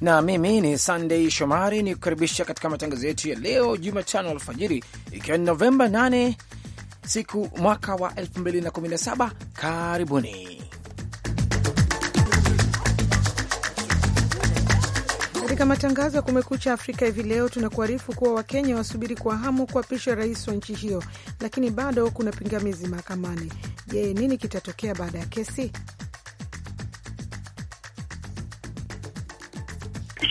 na mimi ni sandey Shomari ni kukaribisha katika matangazo yetu ya leo Jumatano alfajiri, ikiwa ni Novemba 8 siku mwaka wa 2017. Karibuni katika matangazo ya Kumekucha Afrika. Hivi leo tunakuarifu kuwa Wakenya wasubiri kwa hamu kuapishwa rais wa nchi hiyo, lakini bado kuna pingamizi mahakamani. Je, nini kitatokea baada ya kesi?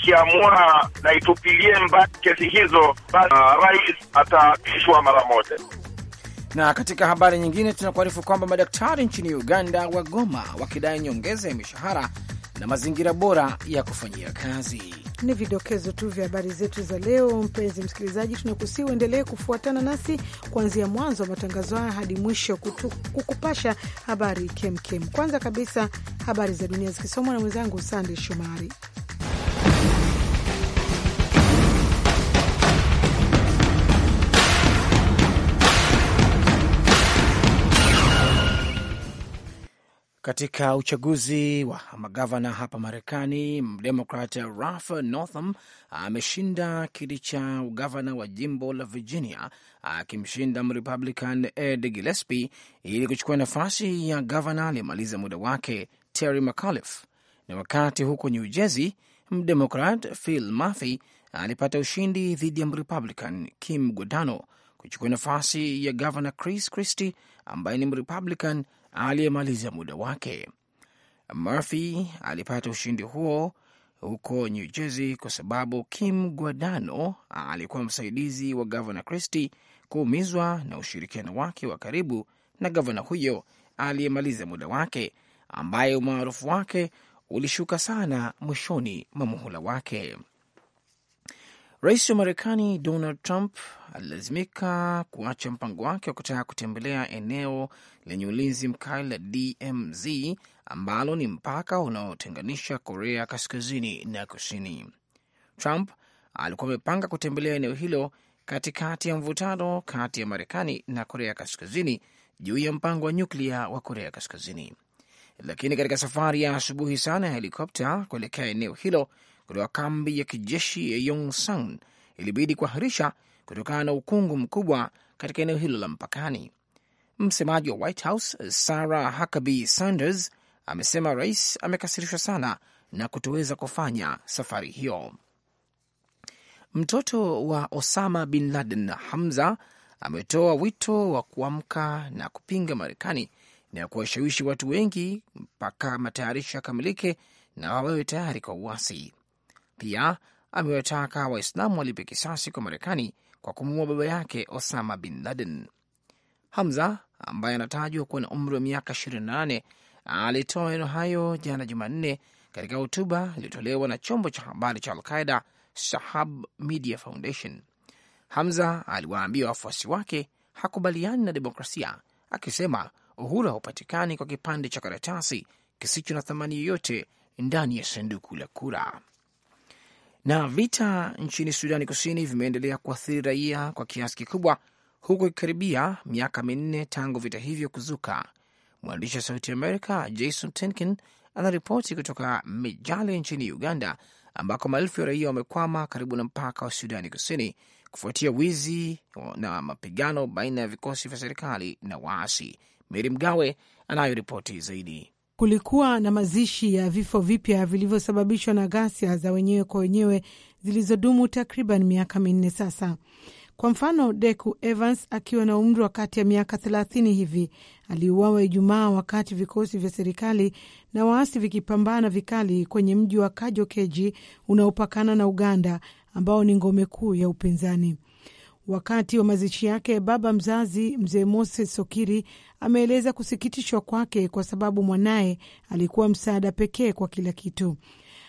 ikiamua na itupilie mbali kesi hizo, basi uh, rais ataapishwa mara moja. Na katika habari nyingine, tunakuarifu kwamba madaktari nchini Uganda wagoma wakidai nyongeza ya mishahara na mazingira bora ya kufanyia kazi. Ni vidokezo tu vya habari zetu za leo. Mpenzi msikilizaji, tunakusi uendelee kufuatana nasi kuanzia mwanzo wa matangazo haya hadi mwisho kutu, kukupasha habari kemkem kem. Kwanza kabisa habari za dunia zikisomwa na mwenzangu Sande Shomari. katika uchaguzi wa magavana hapa Marekani, mdemokrat Ralph Northam ameshinda kiti cha ugavana wa jimbo la Virginia akimshinda mrepublican Ed Gillespie ili kuchukua nafasi ya gavana aliyemaliza muda wake Terry McAuliffe. Na wakati huko New Jersey, mdemokrat Phil Murphy alipata ushindi dhidi ya mrepublican Kim Godano kuchukua nafasi ya gavana Chris Christie ambaye ni mrepublican aliyemaliza muda wake. Murphy alipata ushindi huo huko New Jersey kwa sababu Kim Guadano alikuwa msaidizi wa gavana Christie kuumizwa na ushirikiano wake wa karibu na gavana huyo aliyemaliza muda wake, ambaye umaarufu wake ulishuka sana mwishoni mwa muhula wake. Rais wa Marekani Donald Trump alilazimika kuacha mpango wake wa kutaka kutembelea eneo lenye ulinzi mkali la DMZ ambalo ni mpaka unaotenganisha Korea kaskazini na kusini. Trump alikuwa amepanga kutembelea eneo hilo katikati ya mvutano kati ya Marekani na Korea kaskazini juu ya mpango wa nyuklia wa Korea kaskazini, lakini katika safari ya asubuhi sana ya helikopta kuelekea eneo hilo kutoka kambi ya kijeshi ya Yongsan ilibidi kuahirisha kutokana na ukungu mkubwa katika eneo hilo la mpakani. Msemaji wa White House Sarah Huckabee Sanders amesema rais amekasirishwa sana na kutoweza kufanya safari hiyo. Mtoto wa Osama bin Laden Hamza ametoa wito wa kuamka na kupinga Marekani na kuwashawishi watu wengi mpaka matayarisho yakamilike na wawewe tayari kwa uasi. Pia amewataka Waislamu walipe kisasi kwa Marekani kwa kumuua baba yake Osama bin Laden. Hamza ambaye anatajwa kuwa na umri wa miaka 28 alitoa maneno hayo jana Jumanne katika hotuba iliyotolewa na chombo cha habari cha Alqaida Sahab Media Foundation. Hamza aliwaambia wafuasi wake hakubaliani na demokrasia, akisema uhuru haupatikani kwa kipande cha karatasi kisicho na thamani yoyote ndani ya sanduku la kura. Na vita nchini Sudani Kusini vimeendelea kuathiri raia kwa kiasi kikubwa, huku ikikaribia miaka minne tangu vita hivyo kuzuka. Mwandishi wa Sauti Amerika Jason Tenkin anaripoti kutoka Mijale nchini Uganda, ambako maelfu ya raia wamekwama karibu na mpaka wa Sudani Kusini kufuatia wizi na mapigano baina ya vikosi vya serikali na waasi. Meri Mgawe anayo ripoti zaidi kulikuwa na mazishi ya vifo vipya vilivyosababishwa na ghasia za wenyewe kwa wenyewe zilizodumu takriban miaka minne sasa. Kwa mfano, Deku Evans akiwa na umri wa kati ya miaka thelathini hivi aliuawa Ijumaa wakati vikosi vya serikali na waasi vikipambana vikali kwenye mji wa Kajokeji unaopakana na Uganda, ambao ni ngome kuu ya upinzani. Wakati wa mazishi yake, baba mzazi mzee Moses Sokiri ameeleza kusikitishwa kwake kwa sababu mwanaye alikuwa msaada pekee kwa kila kitu.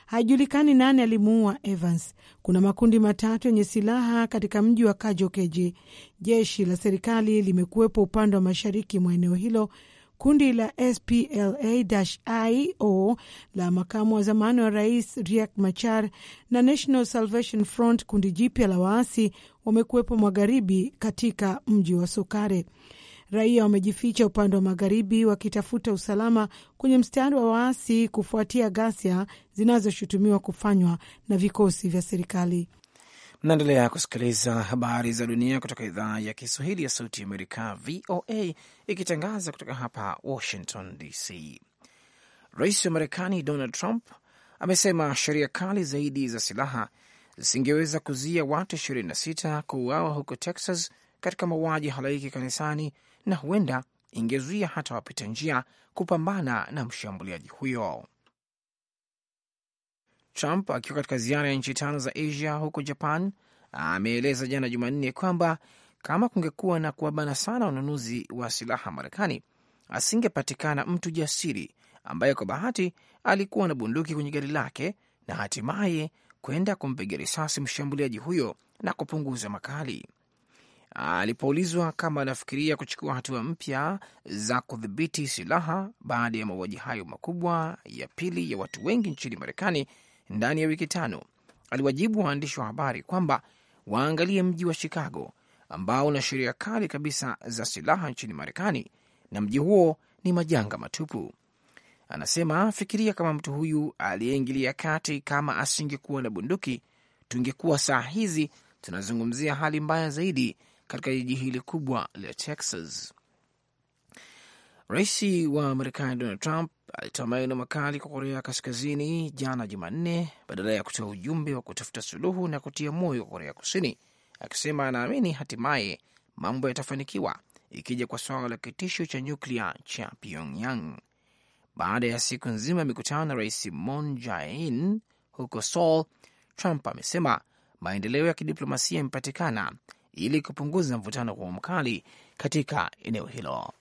Haijulikani nani alimuua Evans. Kuna makundi matatu yenye silaha katika mji wa Kajokeji. Jeshi la serikali limekuwepo upande wa mashariki mwa eneo hilo Kundi la SPLA-IO la makamu wa zamani wa rais Riek Machar na National Salvation Front, kundi jipya la waasi, wamekuwepo magharibi katika mji wa Sokare. Raia wamejificha upande wa magharibi wakitafuta usalama kwenye mstari wa waasi kufuatia ghasia zinazoshutumiwa kufanywa na vikosi vya serikali. Mnaendelea kusikiliza habari za dunia kutoka idhaa ya Kiswahili ya Sauti ya Amerika, VOA, ikitangaza kutoka hapa Washington DC. Rais wa Marekani Donald Trump amesema sheria kali zaidi za silaha zisingeweza kuzuia watu 26 kuuawa huko Texas katika mauaji halaiki kanisani, na huenda ingezuia hata wapita njia kupambana na mshambuliaji huyo. Trump akiwa katika ziara ya nchi tano za Asia huko Japan ameeleza jana Jumanne kwamba kama kungekuwa na kuwabana sana ununuzi wa silaha Marekani, asingepatikana mtu jasiri ambaye kwa bahati alikuwa na bunduki kwenye gari lake na hatimaye kwenda kumpiga risasi mshambuliaji huyo na kupunguza makali. Alipoulizwa kama anafikiria kuchukua hatua mpya za kudhibiti silaha baada ya mauaji hayo makubwa ya pili ya watu wengi nchini Marekani ndani ya wiki tano, aliwajibu waandishi wa habari kwamba waangalie mji wa Chicago ambao una sheria kali kabisa za silaha nchini Marekani, na mji huo ni majanga matupu. Anasema, fikiria kama mtu huyu aliyeingilia kati kama asingekuwa na bunduki, tungekuwa saa hizi tunazungumzia hali mbaya zaidi katika jiji hili kubwa la Texas. Rais wa Marekani Donald Trump alitoa maneno makali kwa Korea Kaskazini jana Jumanne, badala ya kutoa ujumbe wa kutafuta suluhu na kutia moyo kwa Korea Kusini, akisema anaamini hatimaye mambo yatafanikiwa ikija kwa swala la kitisho cha nyuklia cha Pyongyang. Baada ya siku nzima ya mikutano na Rais Moon Jae-in huko Seoul, Trump amesema maendeleo ya kidiplomasia yamepatikana ili kupunguza mvutano huo mkali katika eneo hilo.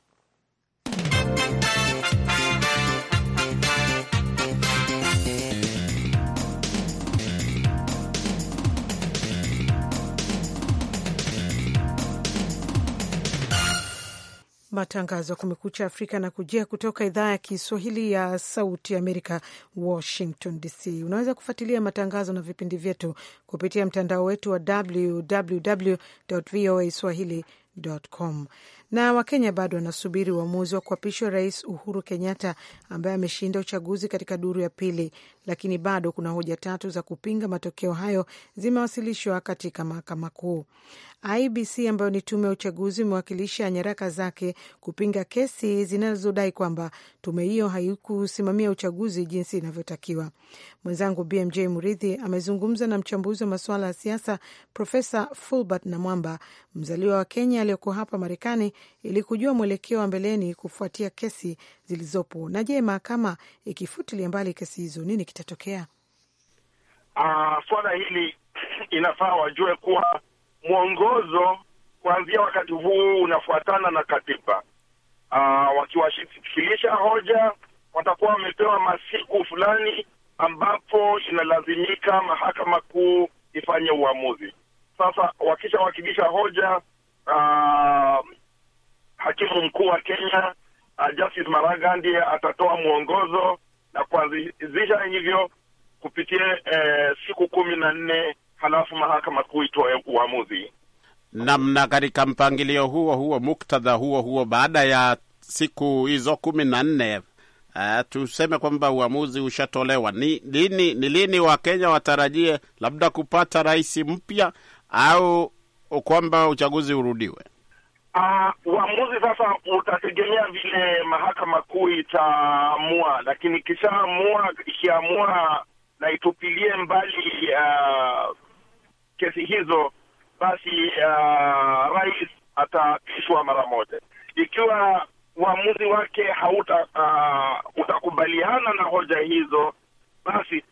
Matangazo ya Kumekucha Afrika na kujia kutoka idhaa ya Kiswahili ya Sauti Amerika, Washington DC. Unaweza kufuatilia matangazo na vipindi vyetu kupitia mtandao wetu wa www voa swahili Com. Na Wakenya bado wanasubiri uamuzi wa kuapishwa Rais Uhuru Kenyatta ambaye ameshinda uchaguzi katika duru ya pili, lakini bado kuna hoja tatu za kupinga matokeo hayo zimewasilishwa katika mahakama kuu. IBC ambayo ni tume ya uchaguzi imewakilisha nyaraka zake kupinga kesi zinazodai kwamba tume hiyo haikusimamia uchaguzi jinsi inavyotakiwa. Mwenzangu BMJ mridhi amezungumza na mchambuzi wa masuala ya siasa Profesa Fulbert Namwamba, mzaliwa wa Kenya aliyekuwa hapa Marekani, ili kujua mwelekeo wa mbeleni kufuatia kesi zilizopo. Na je, mahakama ikifutilia mbali kesi hizo, nini kitatokea? Uh, swala hili inafaa wajue kuwa mwongozo kuanzia wakati huu unafuatana na katiba. Uh, hoja watakuwa wamepewa masiku fulani ambapo inalazimika mahakama kuu ifanye uamuzi. Sasa wakishawakilisha hoja uh, hakimu mkuu wa Kenya uh, Justice Maraga ndiye atatoa mwongozo na kuanzisha hivyo kupitia eh, siku kumi na nne halafu mahakama kuu itoe uamuzi namna. Katika mpangilio huo huo, muktadha huo huo, baada ya siku hizo kumi na nne uh, tuseme kwamba uamuzi ushatolewa, ni lini, ni lini Wakenya watarajie labda kupata rais mpya au kwamba uchaguzi urudiwe? Uh, uamuzi sasa utategemea vile mahakama kuu itaamua, lakini ikishaamua, ikiamua na itupilie mbali uh, kesi hizo, basi uh, rais ataapishwa mara moja. Ikiwa uamuzi wake hauta uh, utakubaliana na hoja hizo, basi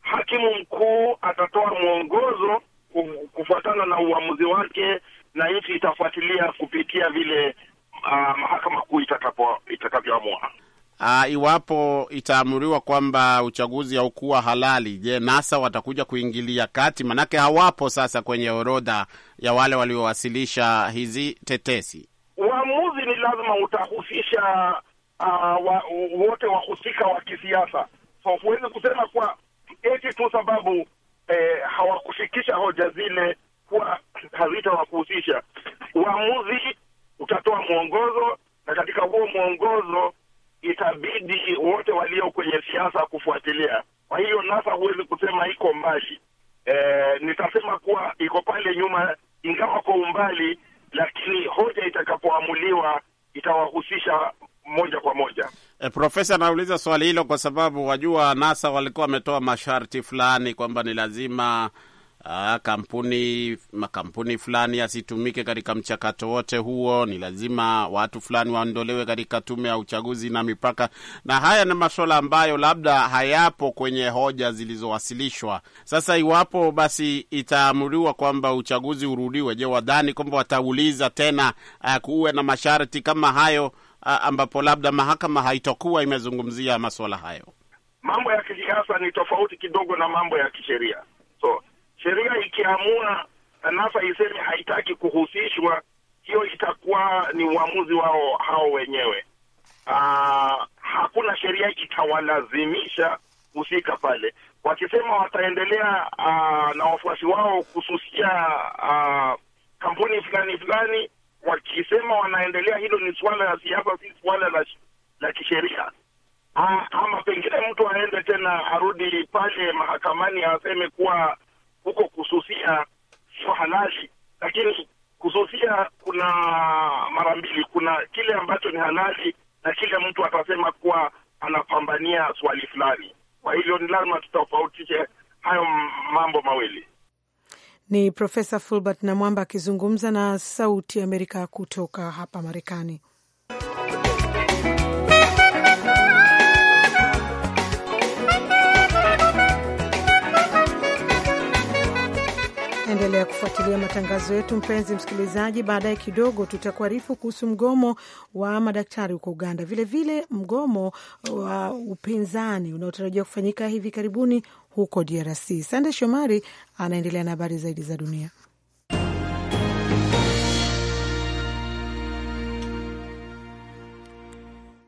hakimu mkuu atatoa mwongozo kufuatana na uamuzi wake, na nchi itafuatilia kupitia vile uh, mahakama kuu itakavyoamua Uh, iwapo itaamuriwa kwamba uchaguzi haukuwa halali, je, NASA watakuja kuingilia kati? Manake hawapo sasa kwenye orodha ya wale waliowasilisha hizi tetesi. Uamuzi ni lazima utahusisha uh, wa, wote wahusika wa kisiasa, so huwezi kusema kwa eti tu sababu eh, hawakufikisha hoja zile kuwa hazitawakuhusisha. Uamuzi utatoa mwongozo, na katika huo mwongozo itabidi wote walio kwenye siasa kufuatilia. Kwa hiyo NASA huwezi kusema iko mbali e, nitasema kuwa iko pale nyuma, ingawa kwa umbali, lakini hoja itakapoamuliwa itawahusisha moja kwa moja. E, Profesa anauliza swali hilo kwa sababu wajua NASA walikuwa wametoa masharti fulani kwamba ni lazima aa, ah, kampuni makampuni fulani yasitumike katika mchakato wote huo, ni lazima watu fulani waondolewe katika tume ya uchaguzi na mipaka, na haya ni masuala ambayo labda hayapo kwenye hoja zilizowasilishwa. Sasa iwapo basi itaamuriwa kwamba uchaguzi urudiwe, je, wadhani kwamba watauliza tena ah, kuwe na masharti kama hayo ah, ambapo labda mahakama haitokuwa imezungumzia masuala hayo? Mambo ya kisiasa ni tofauti kidogo na mambo ya kisheria sheria ikiamua NASA iseme haitaki kuhusishwa, hiyo itakuwa ni uamuzi wao hao wenyewe. Aa, ah, hakuna sheria itawalazimisha husika pale. Wakisema wataendelea aa, ah, na wafuasi wao kususia aa, ah, kampuni fulani fulani, wakisema wanaendelea, hilo ni suala la siasa, si suala la, la kisheria. Ama pengine mtu aende tena arudi pale mahakamani aseme kuwa huko kususia sio halali, lakini kususia kuna mara mbili, kuna kile ambacho ni halali na kile mtu atasema kuwa anapambania swali fulani. Kwa hivyo ni lazima tutofautishe hayo mambo mawili. Ni Profesa Fulbert Namwamba akizungumza na Sauti Amerika kutoka hapa Marekani. matangazo yetu, mpenzi msikilizaji. Baadaye kidogo tutakuarifu kuhusu mgomo wa madaktari huko Uganda, vilevile vile mgomo wa upinzani unaotarajiwa kufanyika hivi karibuni huko DRC. Sande Shomari anaendelea na habari zaidi za dunia.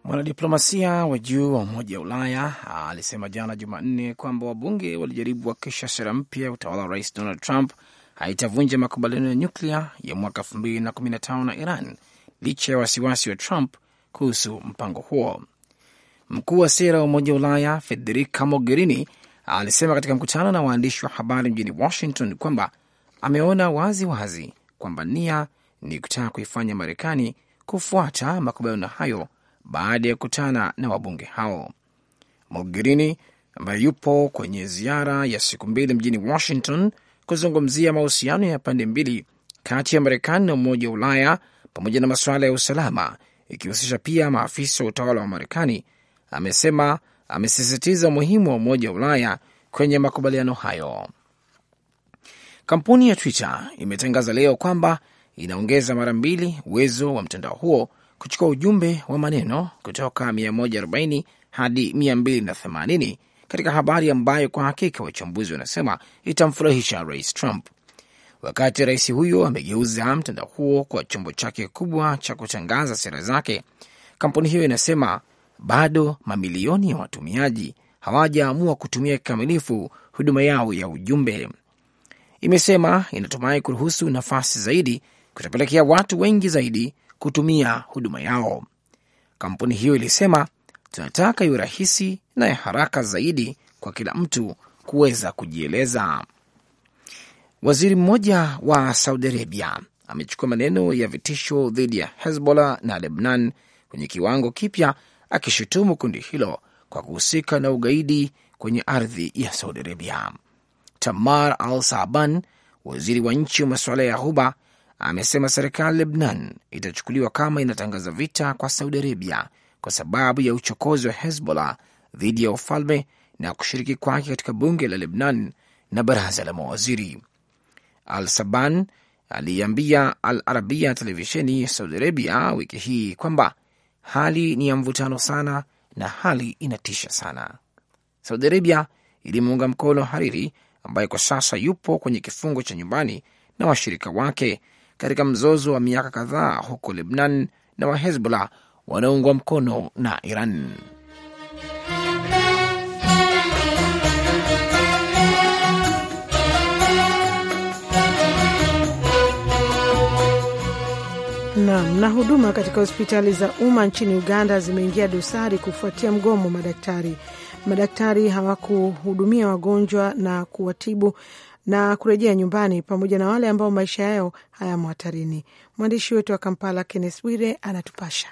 Mwanadiplomasia wa juu wa Umoja wa Ulaya alisema jana Jumanne kwamba wabunge walijaribu kuhakikisha sera mpya ya utawala wa Rais Donald Trump haitavunja makubaliano ya nyuklia ya mwaka 2015 na Iran licha ya wasiwasi wa Trump kuhusu mpango huo. Mkuu wa sera wa Umoja wa Ulaya Federica Mogherini alisema katika mkutano na waandishi wa habari mjini Washington kwamba ameona wazi wazi kwamba nia ni kutaka kuifanya Marekani kufuata makubaliano hayo baada ya kukutana na wabunge hao. Mogherini ambaye yupo kwenye ziara ya siku mbili mjini Washington kuzungumzia mahusiano ya pande mbili kati ya Marekani na Umoja wa Ulaya pamoja na masuala ya usalama ikihusisha pia maafisa wa utawala wa Marekani, amesema amesisitiza umuhimu wa Umoja wa Ulaya kwenye makubaliano hayo. Kampuni ya Twitter imetangaza leo kwamba inaongeza mara mbili uwezo wa mtandao huo kuchukua ujumbe wa maneno kutoka 140 hadi 280 katika habari ambayo kwa hakika wachambuzi wanasema itamfurahisha Rais Trump. Wakati rais huyo amegeuza mtandao huo kwa chombo chake kikubwa cha kutangaza sera zake, kampuni hiyo inasema bado mamilioni ya watumiaji hawajaamua kutumia kikamilifu huduma yao ya ujumbe. Imesema inatumai kuruhusu nafasi zaidi kutapelekea watu wengi zaidi kutumia huduma yao. Kampuni hiyo ilisema tunataka iwe rahisi na ya haraka zaidi kwa kila mtu kuweza kujieleza. Waziri mmoja wa Saudi Arabia amechukua maneno ya vitisho dhidi ya Hezbollah na Lebnan kwenye kiwango kipya, akishutumu kundi hilo kwa kuhusika na ugaidi kwenye ardhi ya Saudi Arabia. Tamar Al Saban, waziri wa nchi wa masuala ya Ghuba, amesema serikali Lebnan itachukuliwa kama inatangaza vita kwa Saudi Arabia kwa sababu ya uchokozi wa Hezbollah dhidi ya ufalme na kushiriki kwake katika bunge la Lebnan na baraza la mawaziri. Al Saban aliiambia Al Arabia televisheni ya Saudi Arabia wiki hii kwamba hali ni ya mvutano sana na hali inatisha sana. Saudi Arabia ilimuunga mkono Hariri ambaye kwa sasa yupo kwenye kifungo cha nyumbani na washirika wake katika mzozo wa miaka kadhaa huko Lebnan na wa Hezbollah wanaoungwa mkono na Iran. Naam. Na huduma katika hospitali za umma nchini Uganda zimeingia dosari kufuatia mgomo madaktari. Madaktari hawakuhudumia wagonjwa na kuwatibu na kurejea nyumbani, pamoja na wale ambao maisha yao hayamo hatarini. Mwandishi wetu wa Kampala, Kennes Bwire, anatupasha.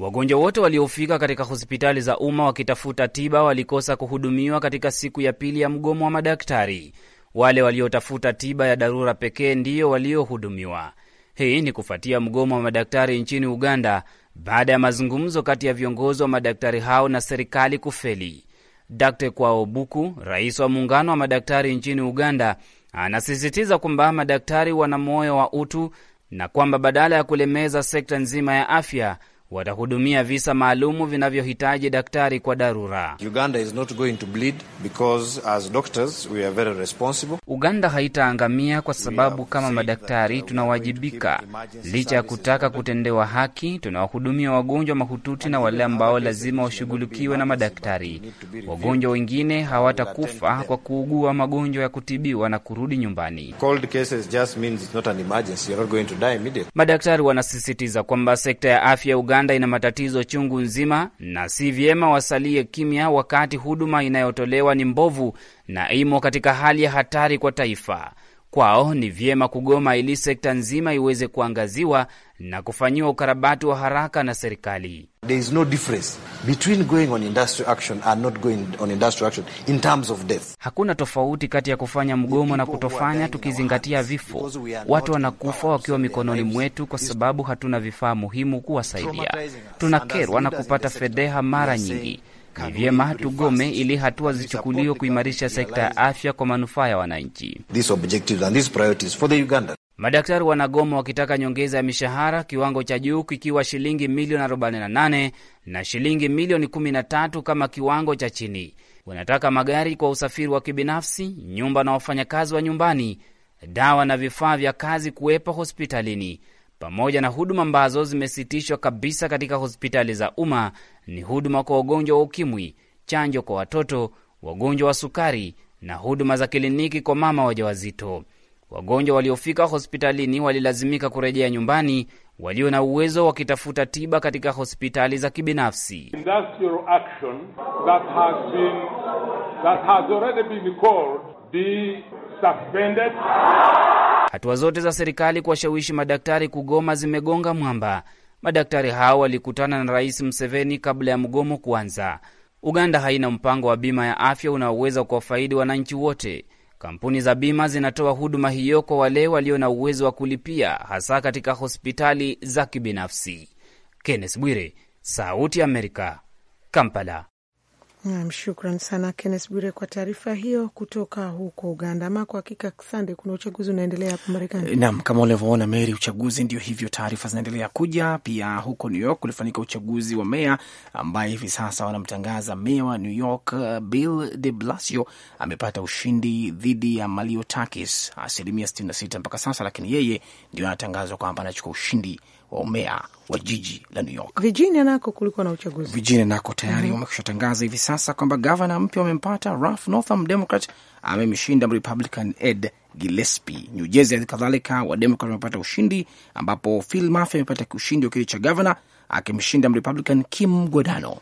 Wagonjwa wote waliofika katika hospitali za umma wakitafuta tiba walikosa kuhudumiwa katika siku ya pili ya mgomo wa madaktari. Wale waliotafuta tiba ya dharura pekee ndiyo waliohudumiwa. Hii ni kufuatia mgomo wa madaktari nchini Uganda baada ya mazungumzo kati ya viongozi wa madaktari hao na serikali kufeli. Dkt Kwao Buku, rais wa muungano wa madaktari nchini Uganda, anasisitiza kwamba madaktari wana moyo wa utu na kwamba badala ya kulemeza sekta nzima ya afya watahudumia visa maalumu vinavyohitaji daktari kwa dharura. Uganda haitaangamia kwa sababu kama madaktari uh, tunawajibika. Licha ya kutaka kutendewa haki, tunawahudumia wagonjwa mahututi na wale ambao lazima washughulikiwe na madaktari. Wagonjwa wengine hawatakufa kwa kuugua magonjwa ya kutibiwa na kurudi nyumbani. Madaktari wanasisitiza kwamba sekta ya afya Uganda Uganda ina matatizo chungu nzima, na si vyema wasalie kimya wakati huduma inayotolewa ni mbovu na imo katika hali ya hatari kwa taifa. Kwao ni vyema kugoma ili sekta nzima iweze kuangaziwa na kufanyiwa ukarabati wa haraka na serikali there is no difference between going on industrial action and not going on industrial action in terms of death. Hakuna tofauti kati ya kufanya mgomo na kutofanya, tukizingatia vifo. Watu wanakufa wakiwa mikononi mwetu, kwa sababu hatuna vifaa muhimu kuwasaidia. Tunakerwa na kupata fedheha mara nyingi. Ni vyema tugome ili hatua zichukuliwe kuimarisha sekta ya afya kwa manufaa ya wananchi. Madaktari wanagoma wakitaka nyongeza ya mishahara, kiwango cha juu kikiwa shilingi milioni 48 na shilingi milioni 13 kama kiwango cha chini. Wanataka magari kwa usafiri wa kibinafsi, nyumba na wafanyakazi wa nyumbani, dawa na vifaa vya kazi kuwepo hospitalini, pamoja na huduma ambazo zimesitishwa kabisa katika hospitali za umma ni huduma kwa wagonjwa wa ukimwi, chanjo kwa watoto, wagonjwa wa sukari na huduma za kliniki kwa mama wajawazito. Wagonjwa waliofika hospitalini walilazimika kurejea nyumbani, walio na uwezo wakitafuta tiba katika hospitali za kibinafsi. Hatua zote za serikali kuwashawishi madaktari kugoma zimegonga mwamba. Madaktari hao walikutana na Rais Museveni kabla ya mgomo kuanza. Uganda haina mpango wa bima ya afya unaoweza kuwafaidi wananchi wote. Kampuni za bima zinatoa huduma hiyo kwa wale walio na uwezo wa kulipia, hasa katika hospitali za kibinafsi. Kenneth Bwire, Sauti ya Amerika, Kampala. Nam, shukran sana Kennes Bure kwa taarifa hiyo kutoka huko Uganda. Ama kwa hakika Sande, kuna uchaguzi unaendelea hapa Marekani. Nam, kama ulivyoona Meri, uchaguzi ndio hivyo, taarifa zinaendelea kuja. Pia huko New York ulifanyika uchaguzi wa meya ambaye hivi sasa wanamtangaza meya wa New York. Uh, Bill de Blasio amepata ushindi dhidi ya Maliotakis asilimia 66 mpaka sasa, lakini yeye ndio anatangazwa kwamba anachukua ushindi wa umea wa jiji la New York. Virginia nako kulikuwa na uchaguzi. Virginia nako tayari mm -hmm. tangaza hivi sasa kwamba gavana mpya wamempata Ralph Northam, Democrat, amemshinda Republican Ed Gillespie. New Jersey kadhalika wa Democrat wamepata ushindi, ambapo Phil Murphy amepata ushindi wa kiti cha gavana akimshinda Republican Kim Guadano.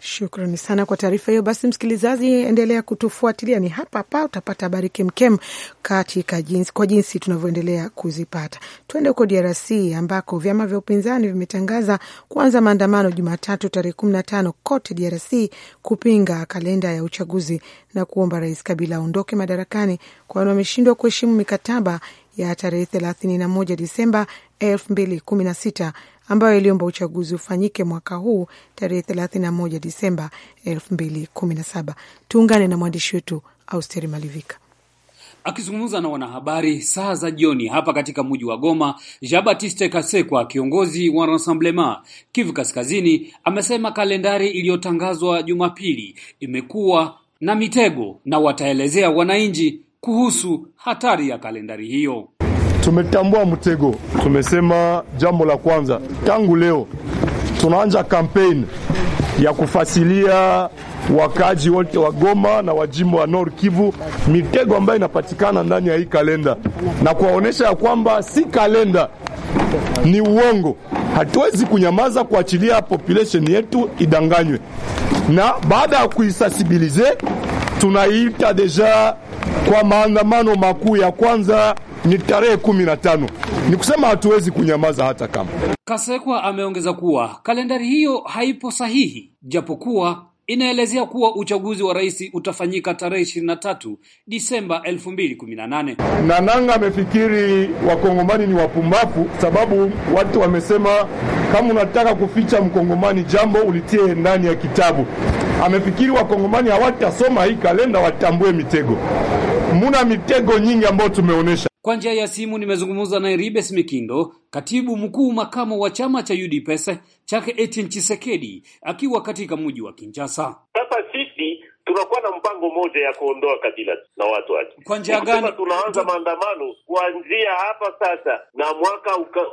Shukrani sana kwa taarifa hiyo. Basi msikilizaji, endelea kutufuatilia, ni hapa hapa utapata habari kemkem katika jinsi, kwa jinsi tunavyoendelea kuzipata. Tuende huko DRC ambako vyama vya upinzani vimetangaza kuanza maandamano Jumatatu tarehe kumi na tano kote DRC kupinga kalenda ya uchaguzi na kuomba Rais Kabila aondoke madarakani, kwani wameshindwa kuheshimu mikataba ya tarehe 31 Disemba sita ambayo iliomba uchaguzi ufanyike mwaka huu tarehe 31 Disemba 2017. Tuungane na mwandishi wetu Austeri Malivika akizungumza na wanahabari saa za jioni hapa katika mji wa Goma. Jean Baptiste Kasekwa, kiongozi wa Rassemblement Kivu Kaskazini, amesema kalendari iliyotangazwa Jumapili imekuwa na mitego na wataelezea wananchi kuhusu hatari ya kalendari hiyo. Tumetambua mtego, tumesema jambo la kwanza, tangu leo tunaanza kampeni ya kufasilia wakaji wote wa Goma na wajimbo wa Nord Kivu mitego ambayo inapatikana ndani ya hii kalenda na kuwaonesha ya kwamba si kalenda, ni uongo. Hatuwezi kunyamaza kuachilia population yetu idanganywe, na baada ya kuisasibilize tunaiita deja kwa maandamano makuu ya kwanza ni tarehe kumi na tano. Ni kusema hatuwezi kunyamaza hata kama. Kasekwa ameongeza kuwa kalendari hiyo haipo sahihi, japokuwa inaelezea kuwa uchaguzi wa rais utafanyika tarehe 23 Disemba 2018. Nananga amefikiri wakongomani ni wapumbavu, sababu watu wamesema kama unataka kuficha mkongomani jambo ulitie ndani ya kitabu. Amefikiri wakongomani hawatasoma hii kalenda, watambue mitego. Muna mitego nyingi ambayo tumeonyesha. Kwa njia ya simu nimezungumza naye Ribes Mikindo, katibu mkuu makamo wa chama cha UDPS chake Etienne Chisekedi akiwa katika mji wa Kinshasa. Sasa sisi tunakuwa na mpango mmoja ya kuondoa kabila na watu wake. Kwa njia gani? Tunaanza maandamano kuanzia hapa sasa na mwaka uka,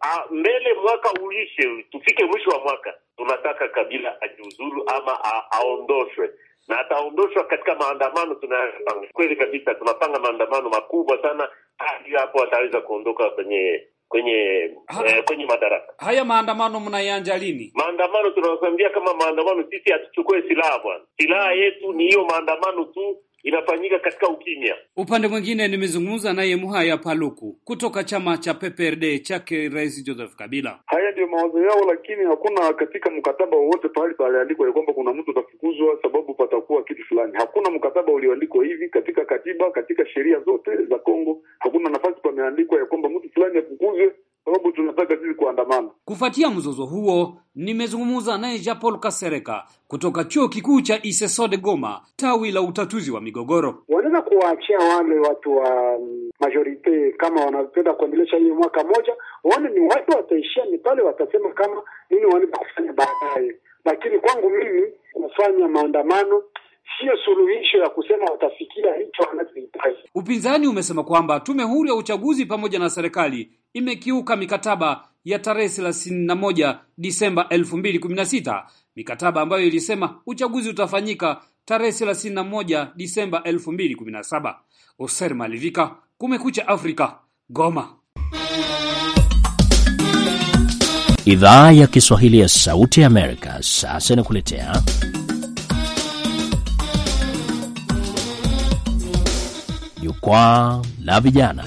a, mbele mwaka uishe, tufike mwisho wa mwaka, tunataka kabila ajiuzuru ama aondoshwe na ataondoshwa katika maandamano tunayopanga. Kweli kabisa, tunapanga maandamano makubwa sana, hadi hapo ataweza kuondoka kwenye kwenye ha, eh, kwenye madaraka. Haya maandamano mnaianja lini? Maandamano tunawaambia kama maandamano, sisi hatuchukue silaha bwana, silaha yetu ni hiyo maandamano tu inafanyika katika ukimya. Upande mwingine, nimezungumza naye Muhaya Paluku kutoka chama cha PPRD chake Rais Joseph Kabila. Haya ndiyo mawazo yao, lakini hakuna katika mkataba wowote pahali paliandikwa ya kwamba kuna mtu utafukuzwa sababu patakuwa kitu fulani. Hakuna mkataba ulioandikwa hivi katika katiba, katika sheria zote za Kongo hakuna nafasi pameandikwa ya kwamba mtu fulani afukuzwe sababu tunataka sisi kuandamana. Kufuatia mzozo huo, nimezungumza naye Jean Paul Kasereka kutoka chuo kikuu cha de Goma, tawi la utatuzi wa migogoro. Wanaweza kuwaachia wale watu wa mm, majorite kama wanapenda kuendelesha hiyo mwaka moja, waone ni watu wataishia, ni pale watasema kama nini wanaweza kufanya baadaye. Lakini kwangu mimi kufanya maandamano siyo suluhisho ya kusema watafikia hicho wanachohitaji. Upinzani umesema kwamba tume huru ya uchaguzi pamoja na serikali imekiuka mikataba ya tarehe 31 Disemba 2016, mikataba ambayo ilisema uchaguzi utafanyika tarehe 31 Disemba 2017. Oser Malivika, Kumekucha Afrika, Goma. Idhaa ya Kiswahili ya Sauti ya Amerika sasa inakuletea Jukwaa la Vijana.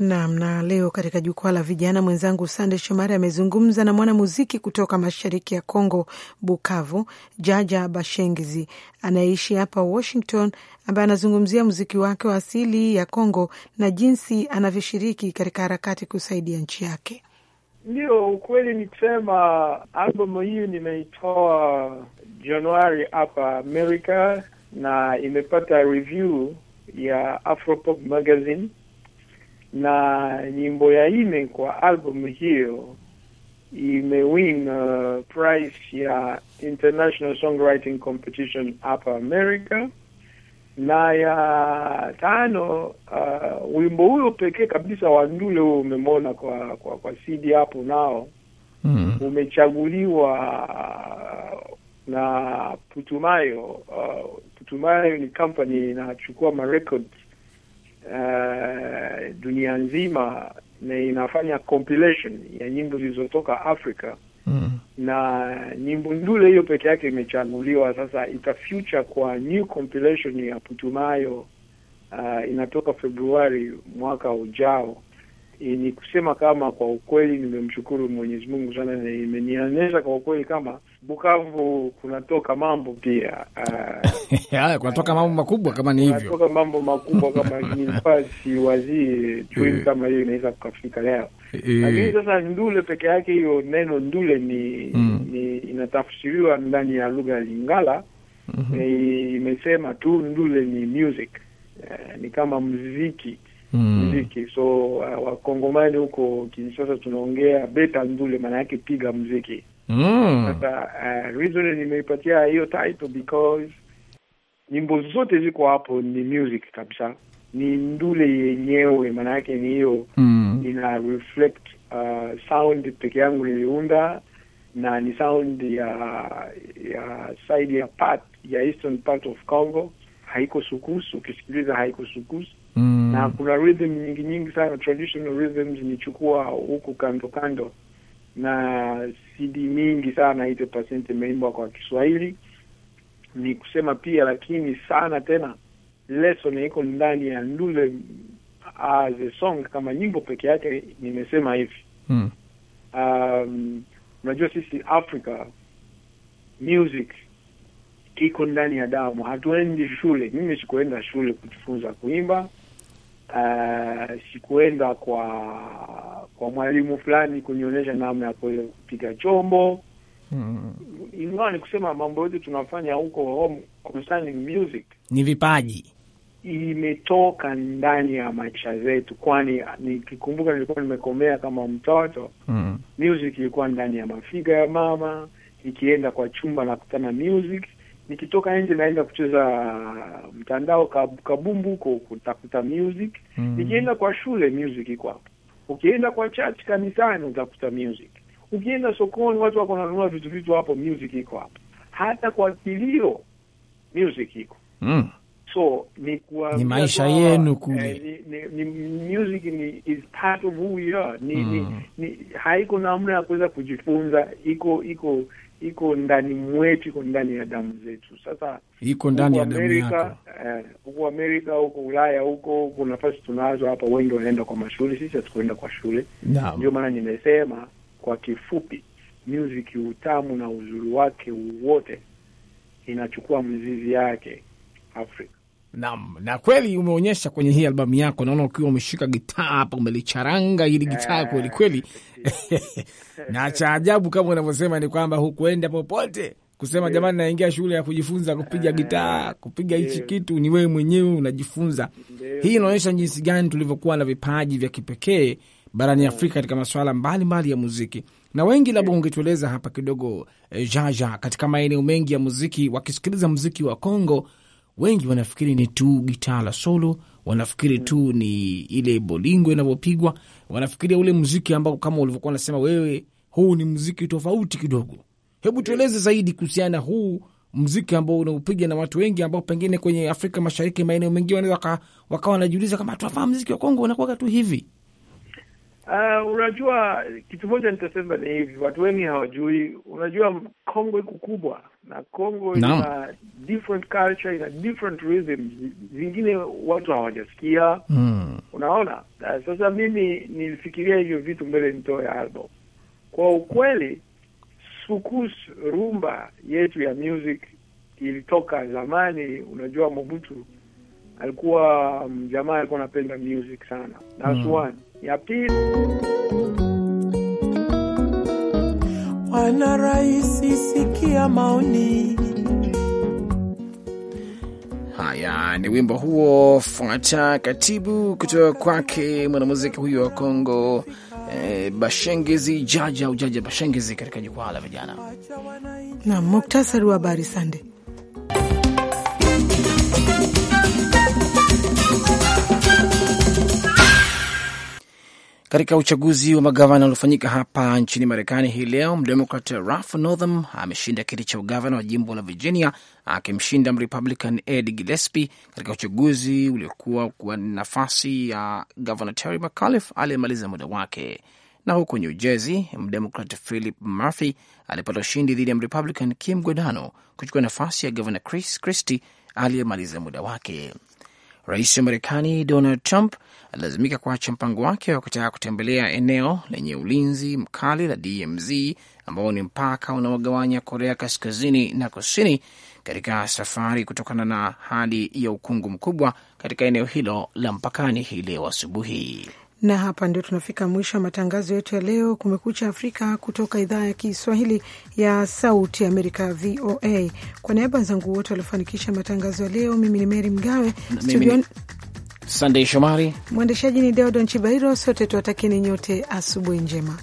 Naam, na leo katika jukwaa la vijana, mwenzangu Sande Shomari amezungumza na mwanamuziki kutoka mashariki ya Congo, Bukavu, Jaja Bashengizi anayeishi hapa Washington, ambaye anazungumzia muziki wake wa asili ya Congo na jinsi anavyoshiriki katika harakati kusaidia nchi yake. Ndiyo, ukweli ni kusema albamu hiyo nimeitoa Januari hapa Amerika na imepata review ya Afropop Magazine na nyimbo ya ine kwa album hiyo imewin uh, prize ya International Songwriting Competition hapa America, na ya tano uh, wimbo huyo pekee kabisa wa Ndule huyo umemona kwa kwa, kwa CD hapo nao mm. umechaguliwa na Putumayo uh, Putumayo ni company inachukua ma uh, dunia nzima na inafanya compilation ya nyimbo zilizotoka Afrika mm. na nyimbo ndule hiyo peke yake imechaguliwa sasa ita future kwa new compilation ya Putumayo uh, inatoka Februari mwaka ujao ni kusema kama kwa ukweli nimemshukuru Mwenyezi Mungu sana, imenianeza kwa ukweli kama Bukavu kunatoka mambo pia. Haya, kunatoka mambo makubwa kama ni hivyo, kunatoka mambo makubwa kama nilikuwa siwazii chui eh. kama hiyo inaweza kukafika leo, eh. lakini sasa ndule peke yake, hiyo neno ndule ni, mm. ni inatafsiriwa ndani ya lugha ya Lingala mm -hmm. imesema tu ndule ni music, ni kama mziki mziki. Mm. so uh, wakongomani huko Kinshasa tunaongea beta ndule, maana yake piga mziki. Mm. sasa. mm. Uh, reason nimeipatia hiyo title because nyimbo zote ziko hapo ni music kabisa, ni ndule yenyewe, maana yake ni hiyo mm. ina reflect uh, sound peke yangu niliunda, na ni sound ya ya side ya part ya eastern part of Congo, haiko sukusu. Ukisikiliza haiko sukusu mm. na kuna rhythm nyingi nyingi sana traditional rhythms nichukua huku kando kando, na CD mingi sana hizo pasent imeimbwa kwa Kiswahili ni kusema pia, lakini sana tena lesson iko ndani ya ndule as uh, a song kama nyimbo peke yake. Nimesema hivi mm. Um, unajua sisi Africa music iko ndani ya damu, hatuendi shule. Mimi sikuenda shule kujifunza kuimba, uh, sikuenda kwa kwa mwalimu fulani kunionyesha namna ya kupiga chombo mm. Ingawa ni kusema mambo yote tunafanya huko home concerning music ni vipaji imetoka ndani ya maisha zetu, kwani nikikumbuka nilikuwa nimekomea kama mtoto mm. Music ilikuwa ndani ya mafiga ya mama, nikienda kwa chumba nakutana music nikitoka nje naenda kucheza mtandao kabumbu huko kutafuta music mm. Nikienda kwa shule music iko hapo, ukienda kwa church kanisani utakuta music, ukienda sokoni watu wako wananunua vitu vitu hapo, music iko hapo, hata kwa kilio music iko mm. So ni kwa ni maisha yenu eh, kule eh, ni, ni, ni music ni is part of who we are ni, mm. ni, ni haiko namna ya kuweza kujifunza iko iko iko ndani mwetu, iko ndani ya damu zetu. Sasa iko ndani ya damu yako eh, huko Amerika, huko Ulaya, huko kuna nafasi tunazo hapa. Wengi wanaenda kwa mashule, sisi hatukuenda kwa shule. Ndio maana nimesema kwa kifupi, muziki utamu na uzuri wake wote inachukua mzizi yake Afrika. Naam, na kweli umeonyesha kwenye hii albamu yako, naona ukiwa umeshika gitaa hapa, umelicharanga hili gitaa eh, kweli kweli. na cha ajabu kama unavyosema ni kwamba hukuenda popote kusema eh. jamani, naingia shule ya kujifunza kupiga eh. gitaa, kupiga hichi kitu. Ni wewe mwenyewe unajifunza. Hii inaonyesha jinsi gani tulivyokuwa na vipaji vya kipekee barani Afrika katika masuala mbalimbali ya muziki na wengi labda ungetueleza hapa kidogo, Jaja, katika maeneo mengi ya muziki wakisikiliza muziki wa Kongo wengi wanafikiri ni tu gitaa la solo, wanafikiri tu ni ile bolingo inavyopigwa, wanafikiria ule mziki ambao kama ulivyokuwa unasema wewe, huu ni mziki tofauti kidogo. Hebu tueleze zaidi kuhusiana huu mziki ambao unaupiga na watu wengi ambao pengine kwenye Afrika Mashariki, maeneo mengine wanaweza wakawa wanajiuliza kama tunafahamu mziki wa Kongo unakuwaga tu hivi. Uh, unajua kitu moja nitasema ni hivi, watu wengi hawajui. Unajua Kongo iko kubwa na Kongo ina no. different culture, ina different rhythm zingine watu hawajasikia mm. Unaona, sasa mimi nilifikiria hivyo vitu mbele nitoe album. Kwa ukweli, sukus rumba yetu ya music ilitoka zamani. Unajua Mobutu alikuwa mjamaa, mm, alikuwa anapenda music sana na mm ya pili Bwana Rais, sikia maoni haya. Ni wimbo huo fuata katibu kutoka kwake mwanamuziki huyo wa Kongo eh, Bashengezi Jaja au Jaja Bashengezi katika jukwaa la vijana na muktasari wa habari sande Katika uchaguzi wa magavana uliofanyika hapa nchini Marekani hii leo, mdemokrat Ralph Northam ameshinda kiti cha ugavana wa jimbo la Virginia akimshinda mrepublican Ed Gillespie katika uchaguzi uliokuwa kwa nafasi ya gavana Terry McAuliffe aliyemaliza muda wake. Na huko New Jersey, mdemokrat Philip Murphy alipata ushindi dhidi ya mrepublican Kim Godano kuchukua nafasi ya gavana Chris Christie aliyemaliza muda wake. Rais wa Marekani Donald Trump alilazimika kuacha mpango wake wa kutaka kutembelea eneo lenye ulinzi mkali la DMZ ambao ni mpaka unaogawanya Korea kaskazini na kusini katika safari kutokana na hali ya ukungu mkubwa katika eneo hilo la mpakani hii leo asubuhi. Na hapa ndio tunafika mwisho wa matangazo yetu ya leo, Kumekucha Afrika, kutoka idhaa ya Kiswahili ya Sauti Amerika, VOA. Kwa niaba wenzangu wote waliofanikisha matangazo ya leo, mimi ni Meri Mgawe studioni, Sandei Shomari mwendeshaji ni Deodon Chibairo. Sote tuwatakieni nyote asubuhi njema.